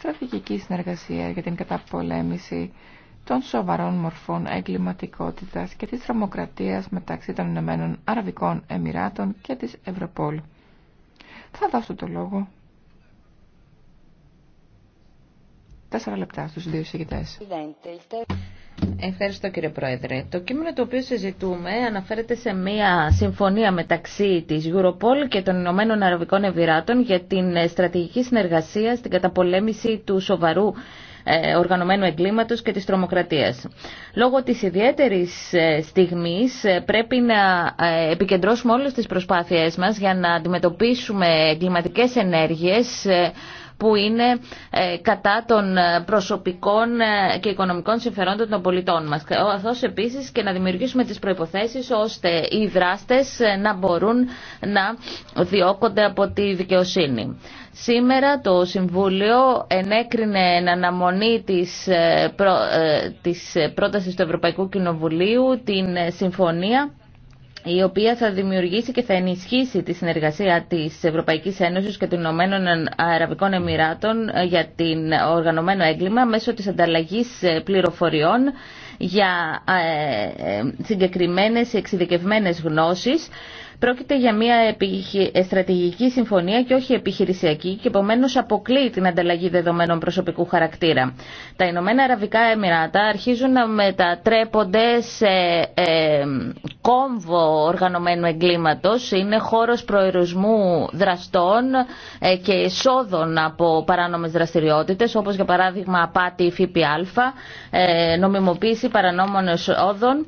στρατηγική συνεργασία για την καταπολέμηση των σοβαρών μορφών εγκληματικότητας και της τρομοκρατίας μεταξύ των Ηνωμένων Αραβικών Εμμυράτων και της Ευρωπόλ. Θα δώσω το λόγο. Τέσσερα λεπτά στους δύο συγκητές. Ευχαριστώ κύριε Πρόεδρε. Το κείμενο το οποίο συζητούμε αναφέρεται σε μια συμφωνία μεταξύ της Europol και των Ηνωμένων Αραβικών Εμβυράτων για την ε, στρατηγική συνεργασία στην καταπολέμηση του σοβαρού ε, οργανωμένου εγκλήματος και της τρομοκρατίας. Λόγω της ιδιαίτερης ε, στιγμής πρέπει να επικεντρώσουμε όλες τις προσπάθειές μας για να αντιμετωπίσουμε εγκληματικές ενέργειες που είναι ε, κατά των ε, προσωπικών ε, και οικονομικών συμφερόντων των πολιτών μας. Αυτό επίσης και να δημιουργήσουμε τις προϋποθέσεις ώστε οι δράστες να μπορούν να διώκονται από τη δικαιοσύνη. Σήμερα το Συμβούλιο ενέκρινε εν αναμονή της, προ... της πρότασης του Ευρωπαϊκού Κοινοβουλίου την συμφωνία η οποία θα δημιουργήσει και θα ενισχύσει τη συνεργασία της Ευρωπαϊκής Ένωσης και των Ηνωμένων Αραβικών Εμμυράτων ε, για την ε, οργανωμένο έγκλημα μέσω της ανταλλαγής ε, πληροφοριών για συγκεκριμένες εξειδικευμένες γνώσεις. Πρόκειται για μια στρατηγική συμφωνία και όχι επιχειρησιακή και επομένω αποκλεί την ανταλλαγή δεδομένων προσωπικού χαρακτήρα. Τα Ηνωμένα Αραβικά Εμμυράτα αρχίζουν να μετατρέπονται σε κόμβο οργανωμένου εγκλήματος, είναι χώρος προερισμού δραστών ε, και εσόδων από παράνομες δραστηριότητες, όπως για παράδειγμα απάτη ΦΠΑ, ε, νομιμοποίηση παρανόμων εσόδων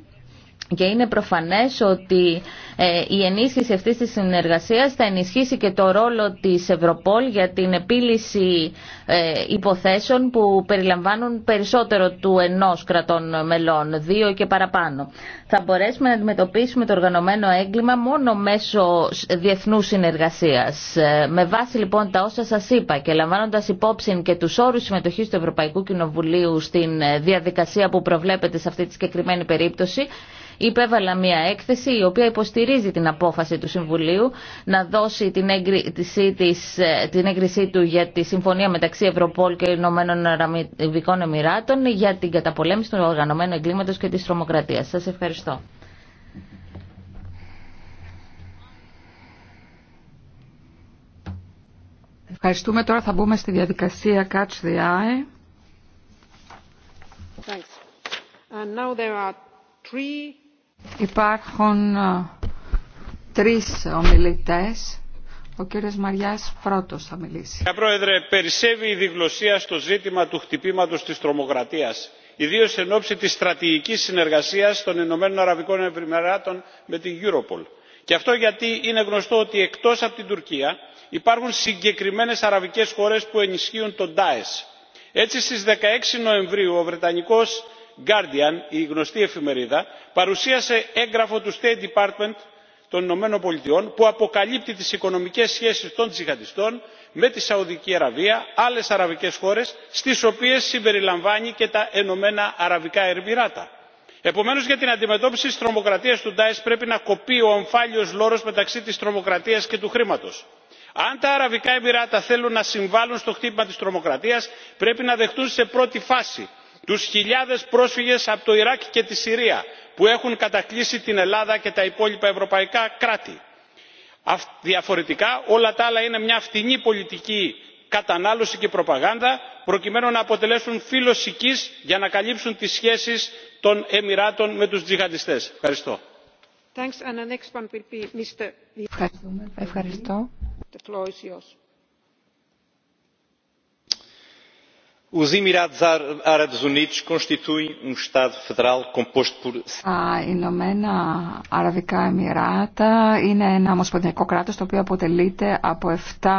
και είναι προφανές ότι ε, η ενίσχυση αυτής της συνεργασίας θα ενισχύσει και το ρόλο της Ευρωπόλ για την επίλυση ε, υποθέσεων που περιλαμβάνουν περισσότερο του ενός κρατών μελών, δύο και παραπάνω. Θα μπορέσουμε να αντιμετωπίσουμε το οργανωμένο έγκλημα μόνο μέσω διεθνούς συνεργασίας. Ε, με βάση λοιπόν τα όσα σας είπα και λαμβάνοντας υπόψη και τους όρους συμμετοχής του Ευρωπαϊκού Κοινοβουλίου στην διαδικασία που προβλέπεται σε αυτή τη συγκεκριμένη περίπτωση, υπέβαλα μια έκθεση η οποία υποστηρίζει την απόφαση του Συμβουλίου να δώσει την έγκρισή, της, την έγκρισή του για τη συμφωνία μεταξύ Ευρωπόλ και Ηνωμένων Αραβικών Εμμυράτων για την καταπολέμηση του οργανωμένου εγκλήματος και της τρομοκρατίας. Σας ευχαριστώ. Ευχαριστούμε. Τώρα θα μπούμε στη διαδικασία Catch the Eye. Thanks. And now there are Υπάρχουν ε, τρεις ομιλητές. Ο κύριος Μαριάς πρώτος θα μιλήσει. Κύριε Πρόεδρε, περισσεύει η διγλωσία στο ζήτημα του χτυπήματος της τρομοκρατίας, ιδίως εν ώψη της στρατηγικής συνεργασίας των Ηνωμένων Αραβικών Ευρυμεράτων με την Europol. Και αυτό γιατί είναι γνωστό ότι εκτός από την Τουρκία υπάρχουν συγκεκριμένες αραβικές χώρες που ενισχύουν τον ΤΑΕΣ. Έτσι στις 16 Νοεμβρίου ο Βρετανικός guardian η γνωστή εφημερίδα παρουσίασε έγγραφο του state department των ηνωμένων πολιτειών που αποκαλύπτει τις οικονομικές σχέσεις των τζιχαντιστών με τη σαουδική αραβία άλλες αραβικές χώρες στις οποίες συμπεριλαμβάνει και τα ηνωμένα αραβικά εμιράτα. επομένως για την αντιμετώπιση της τρομοκρατίας του Ντάις πρέπει να κοπεί ο ομφάλιος λόρος μεταξύ της τρομοκρατίας και του χρήματος. αν τα αραβικά εμιράτα θέλουν να συμβάλλουν στο χτύπημα της τρομοκρατίας πρέπει να δεχτούν σε πρώτη φάση τους χιλιάδες πρόσφυγες από το ιράκ και τη συρία που έχουν κατακλείσει την ελλάδα και τα υπόλοιπα ευρωπαϊκά κράτη. διαφορετικά όλα τα άλλα είναι μια φτηνή πολιτική κατανάλωση και προπαγάνδα προκειμένου να αποτελέσουν φύλλο οικείς για να καλύψουν τις σχέσεις των εμιράτων με τους τζιχαντιστές. Ευχαριστώ. Ευχαριστώ. Τα um Ηνωμένα Αραβικά Εμμυράτα είναι ένα ομοσπονδιακό κράτος το οποίο αποτελείται από 7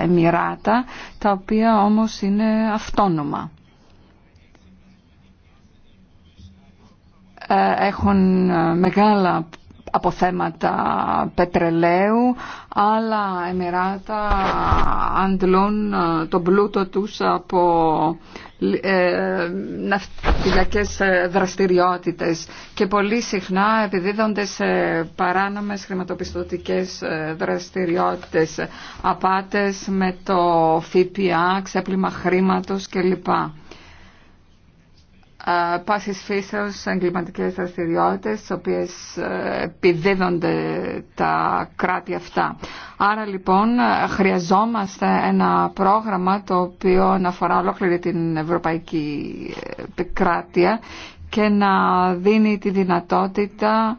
Εμμυράτα τα οποία όμως είναι αυτόνομα. Ε, έχουν μεγάλα από θέματα πετρελαίου, αλλά εμεράτα αντλούν ε, τον πλούτο τους από ε, ναυτιλιακές ε, δραστηριότητες και πολύ συχνά επιδίδονται σε παράνομες χρηματοπιστωτικές ε, δραστηριότητες, απάτες με το ΦΠΑ, ξέπλυμα χρήματος κλπ πάσης φύσεως εγκληματικές δραστηριότητες τις οποίες ε, επιδίδονται τα κράτη αυτά. Άρα λοιπόν χρειαζόμαστε ένα πρόγραμμα το οποίο να αφορά ολόκληρη την ευρωπαϊκή επικράτεια και να δίνει τη δυνατότητα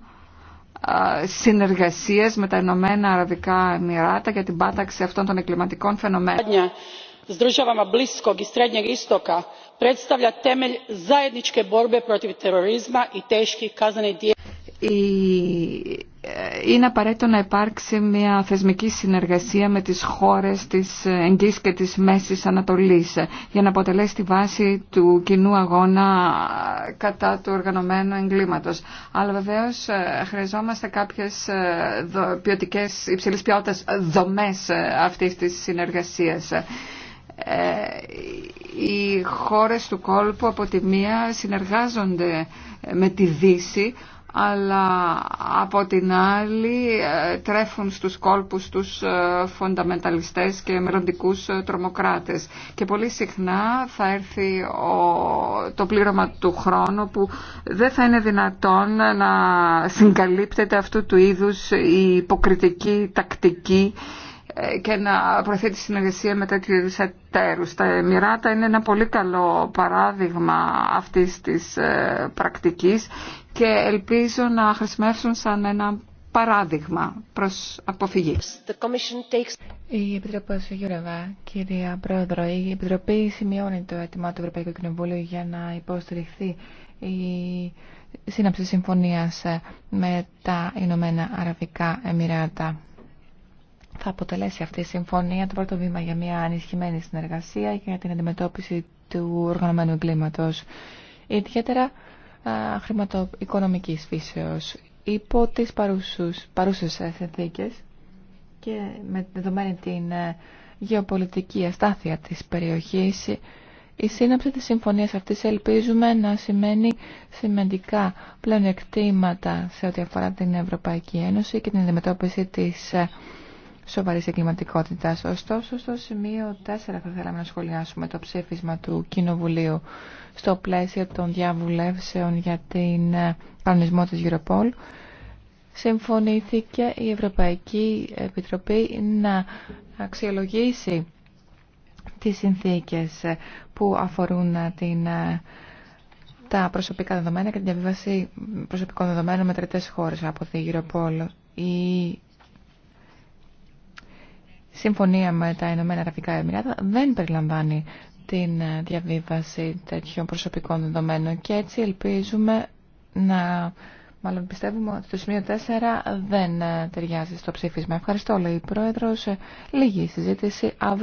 συνεργασίες με τα Ηνωμένα Αραβικά Εμμυράτα για την πάταξη αυτών των εγκληματικών φαινομένων είναι απαραίτητο να υπάρξει μια θεσμική συνεργασία με τις χώρες της εγγύη και της Μέσης Ανατολής για να αποτελέσει τη βάση του κοινού αγώνα κατά του οργανωμένου εγκλήματος. Αλλά βεβαίως χρειαζόμαστε κάποιες ποιοτικές υψηλής ποιότητας δομές αυτής της συνεργασίας οι χώρες του κόλπου από τη μία συνεργάζονται με τη Δύση αλλά από την άλλη ε, τρέφουν στους κόλπους τους ε, φονταμενταλιστές και μελλοντικούς ε, τρομοκράτες. Και πολύ συχνά θα έρθει το πλήρωμα του χρόνου που δεν θα είναι δυνατόν να συγκαλύπτεται αυτού του είδους η υποκριτική τακτική και να προωθεί τη συνεργασία με τέτοιου Τα Εμμυράτα είναι ένα πολύ καλό παράδειγμα αυτής της ε, πρακτικής και ελπίζω να χρησιμεύσουν σαν ένα παράδειγμα προς αποφυγή. Η Επιτροπή Γιουρεβά, κυρία Πρόεδρο, η Επιτροπή σημειώνει το αίτημά του Ευρωπαϊκού Κοινοβούλου για να υποστηριχθεί η σύναψη συμφωνίας με τα Ηνωμένα Αραβικά Εμμυράτα θα αποτελέσει αυτή η συμφωνία το πρώτο βήμα για μια ανισχυμένη συνεργασία για την αντιμετώπιση του οργανωμένου εγκλήματος, ιδιαίτερα χρηματοοικονομικής φύσεως. Υπό τις παρούσους, παρούσες συνθήκες και με δεδομένη την ε, γεωπολιτική αστάθεια της περιοχής, η σύναψη της συμφωνίας αυτής ελπίζουμε να σημαίνει σημαντικά πλεονεκτήματα σε ό,τι αφορά την Ευρωπαϊκή Ένωση και την αντιμετώπιση της ε, σοβαρή εγκληματικότητα. Ωστόσο, στο σημείο 4 θα θέλαμε να σχολιάσουμε το ψήφισμα του Κοινοβουλίου στο πλαίσιο των διαβουλεύσεων για την ε, κανονισμό της Europol. Συμφωνήθηκε η Ευρωπαϊκή Επιτροπή να αξιολογήσει τις συνθήκες που αφορούν ε, την ε, τα προσωπικά δεδομένα και την διαβίβαση προσωπικών δεδομένων με τρετές χώρες από τη Europol. Η συμφωνία με τα Ηνωμένα Αραβικά Εμμυράτα δεν περιλαμβάνει την ε, διαβίβαση τέτοιων προσωπικών δεδομένων και έτσι ελπίζουμε να... Μάλλον πιστεύουμε ότι το σημείο 4 δεν ε, ταιριάζει στο ψήφισμα. Ευχαριστώ, λέει η Πρόεδρος. Ε, λίγη συζήτηση.